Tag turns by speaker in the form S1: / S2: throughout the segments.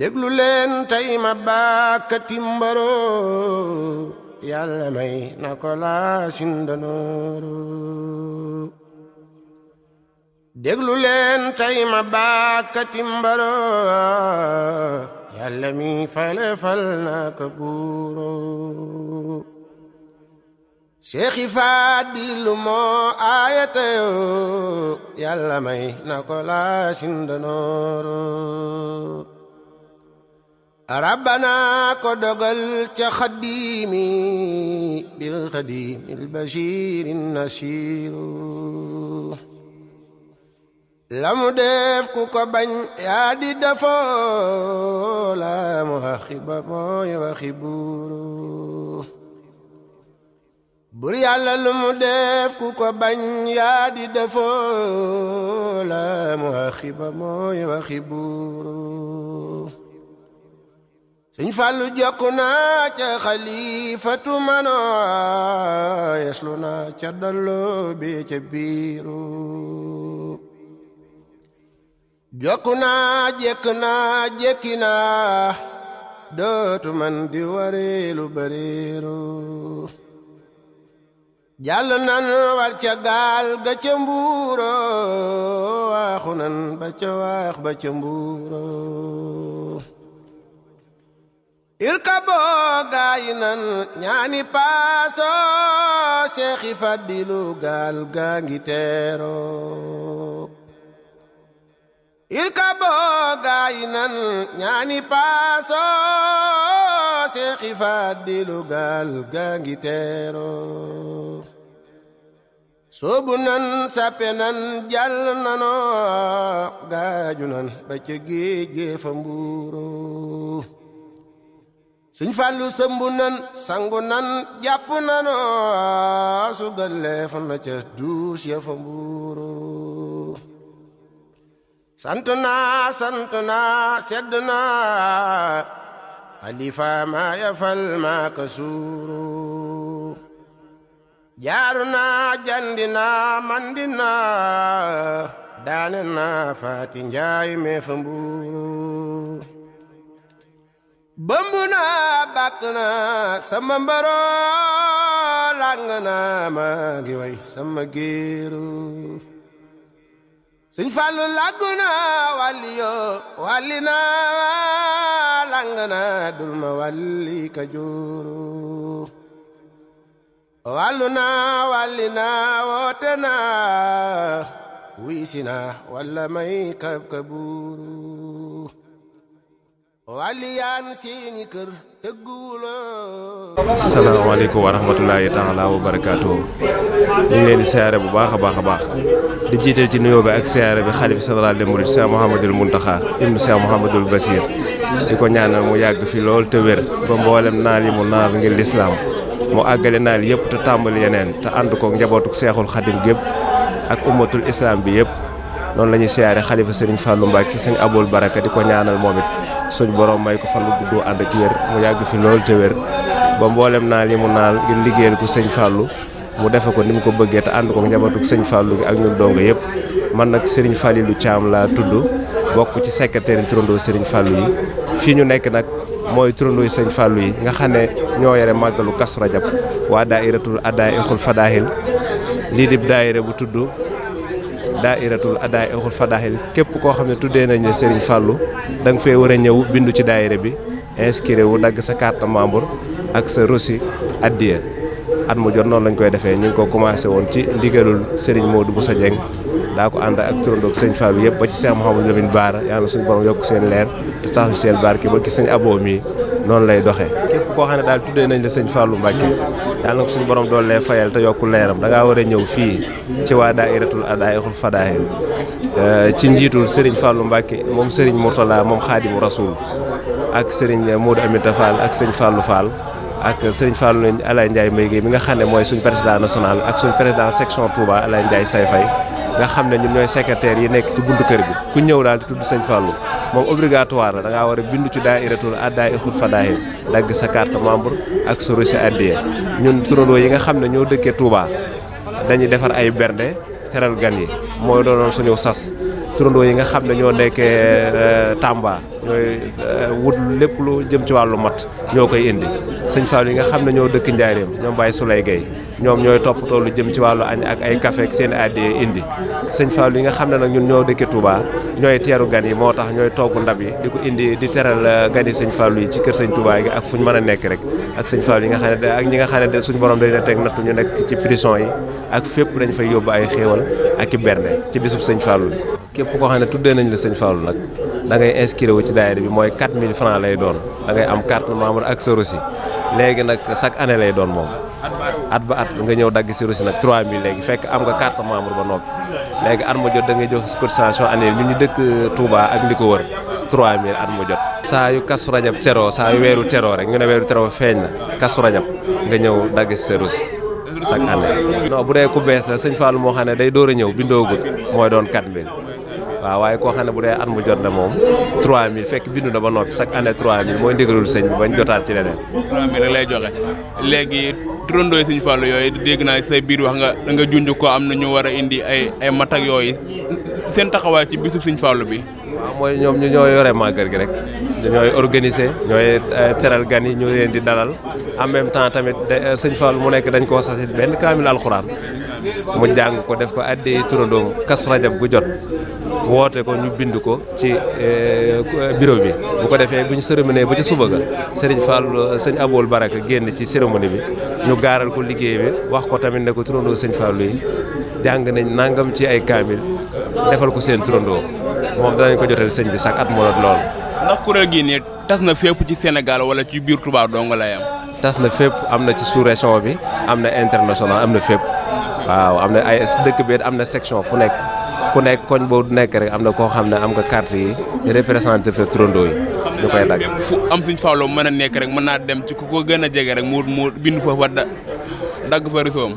S1: déglu leen ma bàkkati mbaro yàlla may na ko laa sindanooru déglu leen tey ma bàkkati mbaro yàlla mi fale fal na ko buuro seexi faadilu moo aayata yoo yàlla may na ko laa sindanooru rabbana ko dogal ca xadimi bil xadimi al bashir an la mu def ku ko bañ yaa di dafoo la mu mooy waxi buuru bur yàlla mu def ku ko bañ yaa di dafoo la mu mooy waxi buuru sëñ Fallu jokku naa ca xalifatu manoo yeslu naa ca dallo bi ca biiru jokku naa jekk naa jekki naa dootu di wareelu bareeru jàll nan war ca gaal ca mbuuro waaxu nan ba ca waax ba ca mbuuro irkaboo gaayi nan ñaani paasoo seexi faddilu gaal gaa ngi teeroo irkaboo gaayi nan ñaani paasoo seexi faddilu gaal gaa ngi teeroo soobu nan sappe nan jàll nanoo gaaju nan ba ca géej sëñ Fallu sëmbu nan sangu nan jàpp nanu sugaleef na ca duus ya fa mbuuru sant naa sant naa sedd naa xalifa maa yafal maa ka suuru jaaru naa jandi naa mandi naa daane naa faati njaay mee fa mbuuru bëmb naa bàkk naa sama mbaro làng naa maa ngi way sama géeru sëñ Fallu làggu naa wàlli yoo naa làng naa dul ma wàlli ka naa wàlli naa woote naa wiisi naa walla may kab ka salaamaaleykum
S2: wa rahmatulahi taala wa barakaatu ñu ngi leen di siyaare bu baax a baax a baax di jiital ci nuyoo bi ak siyaare bi xalif général des mourides Cheikh Mouhamadul Mountakha ibnu Cheikh Mouhamadul Basir di ko ñaanal mu yàgg fi lool te wér ba mboolem naal yi mu naal ngir lislaam mu àggale naal yëpp te tàmbali yeneen te ànd ko njabootuk seexul xadim gépp ak ummatul islam bi yëpp noonu lañuy ñuy siyaare xalifa sëriñ Fallou Mbacke sëñ Aboul Baraka di ko ñaanal moom it suñ borom may ko fan bu gudd ànd ak wér mu yàgg fi loolu te wér ba mboolem naa li mu naal ngir liggéeyal ko sëñ Fallou mu defe ko ni mu ko bëggee te ànd ko njabootug sëñ Fallou gi ak ñun donga yëpp man nag Serigne Fallilou Thiam laa tudd bokk ci secrétaire yi turandoo Serigne Fallou yi fii ñu nekk nag mooy turandoo sëñ Fallou yi nga xam ne ñoo yore màggalu Kazu Rajab waa daayiratul addaa ixul fadaahil lii dib daayira bu tudd daa daairatul adaa exul fadaahil képp koo xam ne tuddee nañ la Serigne Fallou da nga fee war a ñëw bindu ci daa daaira bi inscrire wu dagg sa carte membre ak sa rosi addiya at mu jot noonu lañ koy defee ñu ngi ko commencé woon ci ndigalul Serigne Modou Boussa Dieng daa ko ànd ak turandoog sëñ Fallou yëpp ba ci Cheikh Mouhamadou Lamine Baara yàlla suñu borom yokk seen leer te tax seen barke ba ci sëñ aboo mii noonu lay doxee képp koo xam ne daal tuddee nañ la sëñ Fallou Mbacke yàlla na ko suñu borom dool lay fayal te yokku leeram da ngaa war a ñëw fii ci waa daairatul adaayixul fadaahil eh, ci njiitul Serigne Fallou Mbacke moom Serigne Mourtala moom xaadimu rasul ak Serigne Modou Aminta faal ak sëñ Fallou Fall ak sëñ Fallou Alaye Ndiaye Mbaye Guèye mi nga xam ne mooy suñ président national ak suñ président section Touba Alaye Ndiaye Say Faye nga xam ne ñun ñooy secrétaire yi nekk ci buntu bi ku ñëw daal di tudd sëñ Fallou moom obligatoire la da war a bindu ci daayiratul addaay xul fadaahil dagg sa carte membre ak suru si addiye ñun turandoo yi nga xam ne ñoo dëkkee Touba dañuy defar ay bernde teral gan yi mooy doonoon suñu sas turandoo yi nga xam ne ñoo nekkee euh, Tamba ñooy euh, wut lépp lu jëm ci wàllu mat ñoo koy indi sëñ Fall yi nga xam ne ñoo dëkk Njaareem ñoom su Souley Gueye ñoom ñooy toppatoo lu jëm ci wàllu añ ak ay café ak seen addee indi sëñ Fall yi nga xam ne nag ñun ñoo dëkk tubaa ñooy teeru gan yi moo tax ñooy togg ndab yi di ko indi di teral euh, gan yi sëñ Fall yi ci kër sañ tubaa gi ak fu ñu mën a nekk rek ak sëñ Fall yi nga xam ne ak ñi nga xam ne suñu borom day na teg nattu ñu nekk ci prison yi ak fépp dañ fay yóbbu ay xéewal ak i bernde ci bisub sëñ Fall képp koo xam ne tuddee nañ la sëñ Fall nag da ngay inscrire wu ci daayira bi mooy 4000 francs lay doon da ngay am carte membre ak sa reçu léegi nag chaque année lay doon moom at ba at nga ñëw dagg si reçu nag 3000 léegi fekk am nga carte membre ba noppi léegi at mu jot da ngay jox cotisation annuelle ñu ñu dëkk Touba ak li ko wër 3000 at mu jot. saa yu kasu rajab teroo saa weeru teroo rek ñu ne weeru teroo feeñ na kasu rajab nga ñëw dagg si sa reçu chaque année. non bu dee ku bees la sëñ Fallou moo xam ne day door a ñëw bindoogul mooy doon 4000. waaw waaye koo xam ne bu dee at mu jot la moom 3000
S3: fekk bindu na ba noppi ne année 3000
S2: mooy ndigalul sëñ bi bañ jotaat ci leneen.
S3: 3000 rek lay joxe léegi turandooy sëñ Fallou yooyu dégg naa say biir wax nga nga junj ko am na ñu war a indi ay ay matak yooyu seen taxawaay ci bisu sëñ Fallou bi. waaw mooy ñoom ñu ñoo yore
S2: màggal gi rek. ñooy organiser ñooy euh, teral gan yi ñoo leen di dalal en même temps tamit euh, sëñ Fall mu nekk dañ koo sasit benn kaamil alxuraan mu jàng ko def ko addi turandoom kas rajab gu jot woote ko ñu bind ko ci euh, bureau bi bu ko defee bu ñu cérémonie ba ci suba ga sëriñ Fall sëñ abool Baraka génn ci cérémonie bi ñu gaaral ko liggéey bi wax ko tamit ne ko turandoo sëñ Fall yi jàng nañ nangam
S3: ci ay kaamil defal ko seen turandoo moom danañ ko jotal sëñ bi sax at moo lool ndax kuréel gii nii tas na fépp ci Sénégal wala ci biir tubaab dong la yam tas na fépp am
S2: na ci sous région bi am na international am na fépp waaw am na ay dëkk am na section fu nekk ku nekk koñ boo nekk rek am na koo xam ne am nga carte yi représenté fa turandoo yi ñu koy dagg
S3: fu am suñ fawloo mën a nekk rek mën naa dem ci ku ko gën a jege rek mu mu bind fa dagg fa risoom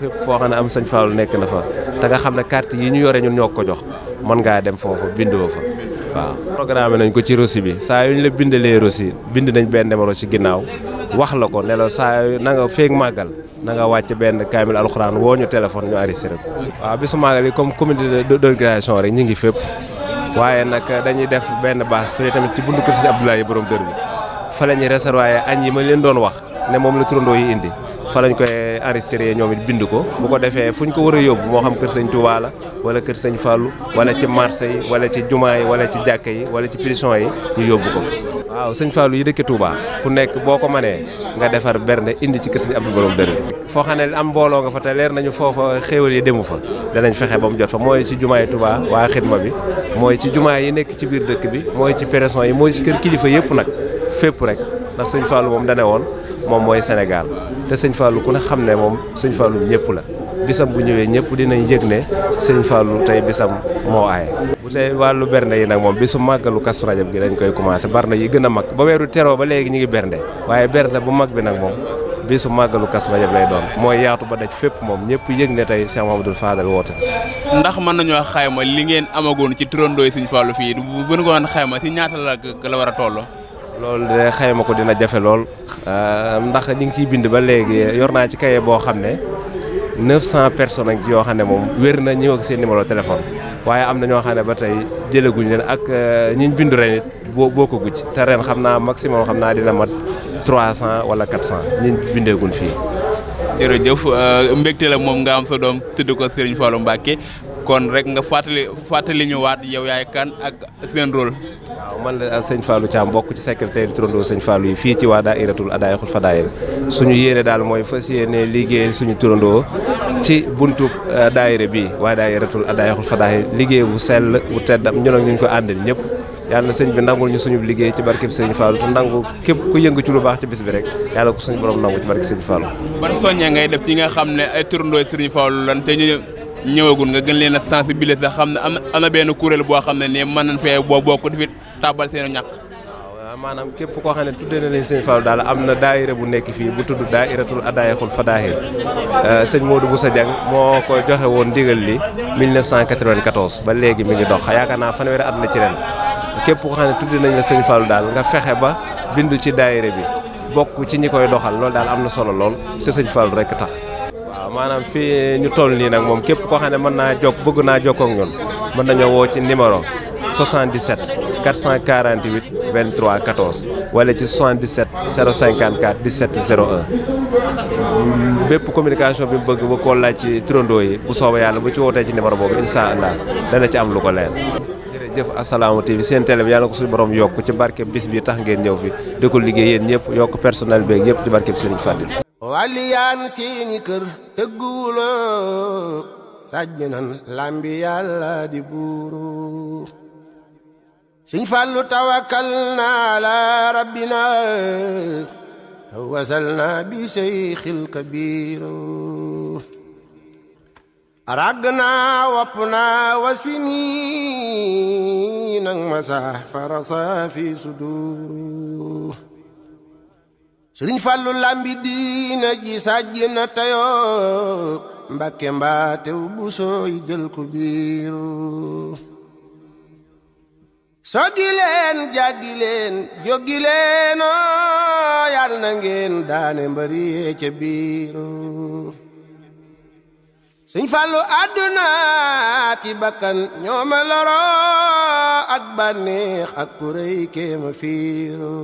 S2: fépp foo xam ne am sañ faalu nekk na fa te nga xam ne carte yi ñu yore ñun ñoo ko jox mën ngaa dem foofu bindoo fa waaw programme nañ ko ci reçu bi saa yu ñu la bindalee reçu bind nañ benn numéro ci ginnaaw wax la ko ne saa na nga feeg màggal na nga wàcc benn kaamil alxuraan woo ñu téléphone ñu arrêté rek. waaw bisu màggal yi comme comité d'organisation rek ñu ngi fépp waaye nag dañuy def benn base fële tamit ci bundu kër si Abdoulaye borom dër bi fa la ñuy réservé añ yi ma leen doon wax ne moom la turandoo yi indi. fa lañ koy enregistré ñoom it bind ko bu ko defee fu ñu ko war a yóbbu moo xam kër sëñ Touba la wala kër sañ Fallou wala ci marché yi wala ci jumaa yi wala ci jàkk yi wala ci prison yi ñu yóbbu ko fa waaw sëñ Fallou yi dëkk Touba ku nekk boo ko manee nga defar berne indi ci kër sëñ Abdou Borom Dër foo xam ne am mbooloo nga fa te leer nañu foofa xéewal yi demu fa danañ fexe ba mu jot fa mooy ci jumaa yi Touba waa xidma bi mooy ci jumaa yi nekk ci biir dëkk bi mooy ci prison yi mooy ci kër kilifa yëpp nag fépp rek ndax sëñ Fallou moom dane woon moom mooy Sénégal te sëñ Fallou ku ne xam ne moom sëñ Fallou ñëpp la bisam bu ñëwee ñëpp dinañ yëg ne sëñ Fallou tey bisam moo aaye. bu tey wàllu bernde yi nag moom bisu màggalu Kazu Rajab gi dañ koy commencé bernde yi gën a mag ba weeru teroo ba léegi ñu ngi bernde waaye bernde mag bi nag moom bisu màggalu Kazu Rajab lay doon mooy yaatu ba daj fépp moom ñëpp yëg ne tey Cheikh Mamadou Fadal woote
S3: ndax mën nañoo ma li ngeen amagoon ci turandoo yi sëñ Fallou fii bu gën ko xayma si ñaata la la war a toll
S2: loolu de xayma ko dina jafe lool euh, ndax ñu ngi ciy bind ba léegi yor naa ci kaye boo xam ne 900 personnes ak ci yoo xam ne moom wér na ñëw ak seen numéro téléphone waaye am na ñoo xam ne ba tey jëlaguñ leen ak euh, ñiñ bindu ren it boo boo ko gucc te ren xam naa maximum xam naa dina mat 300 wala 400 ñiñ bindeeguñ fii.
S3: jërëjëf euh, mbégte la moom nga am sa doom tudd ko Serigne Fallou Mbacke kon rek nga fàttali fàttali ñu waat yow yaay kan ak seen rôle. waaw man la
S2: sëñ Fallou Thiam bokk ci secrétaire turandoo sëñ Fallou yi fii ci waa daayiratul Adaayaxul Fadaayil suñu yéene daal mooy fas yéene liggéeyal suñu turandoo ci buntu euh, daayira bi waa daayiratul Adaayaxul Fadaayil liggéey bu sell bu tedd am ñun ak ñu ko àndal ñëpp. yàlla na bi nangul ñu suñu liggéey ci barkeb sëñ Fallou te nangu képp ku yëngu ci lu baax ci bis bi rek yàlla ku suñu borom nangu ci barkeb sëñ Fallou.
S3: ban soññee ngay def ci nga xam ne ay turandoo sëñ Fallou lan te ñëwagul nga gën leen a sensibiliser xam ne am na am na benn kuréel boo xam ne ne mën nañ fee boo bokk di fi tàbbal seen ñàkk. waaw
S2: maanaam képp koo xam ne tuddee na leen sëñ Fallou daal am na daayira bu nekk fii bu tudd daayiratul adaayaxul fadaahil euh, sëñ Modou Boussa Dieng moo ko joxe woon ndigal li 1994 ba léegi mi ngi dox yaakaar naa fanweeri at la ci ren képp ko xam ne tuddee nañ la sëñ Fallou daal nga fexe ba bindu ci daayira bi bokk ci ñi koy doxal loolu daal am na solo lool si sëñ Fallou rek tax. maanaam fii ñu toll nii nag moom képp koo xam ne mën naa jokk bëgg naa jokkoo ak ñun mën nañoo woo ci numéro 77 448 23 14 wala ci 77 054 17
S3: 01
S2: bépp communication bi mu bëgg ba koo laaj ci turandoo yi bu soobee yàlla bu ci wootee ci numéro boobu incha allah dana ci am lu ko leer. jërëjëf Assalaamy TV seen télé bi yàlla ko suñu borom yokk ci barke bis bi tax ngeen ñëw fi di ko liggéey yéen ñëpp yokk personnel beeg yëpp ci barke bi Serigne
S1: waliyaan seeni kër tëgguwuloo sàjj nan làmbi yàlla di la rabbina wasal bi seyxil kabiiru ràgg naa wopp naa waswi nii nang ma fi suduuru sëriñ fàllu làmbi diina ji sàjj na tayoo mbàkke mbaatew jël ku biiru soggi leen jàggi leen jóggi ngeen daane mbëri yee ca biiru sëñ fàllu àdduna ki bakkan ñoo ak bànneex ak kuréy kéema fiiru